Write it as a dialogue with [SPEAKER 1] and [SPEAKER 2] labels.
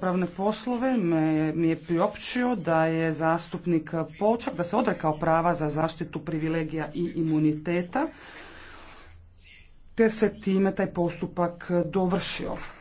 [SPEAKER 1] pravne poslove mi je priopćio da je zastupnik Počak da se odrekao prava za zaštitu privilegija i imuniteta te se time taj postupak dovršio.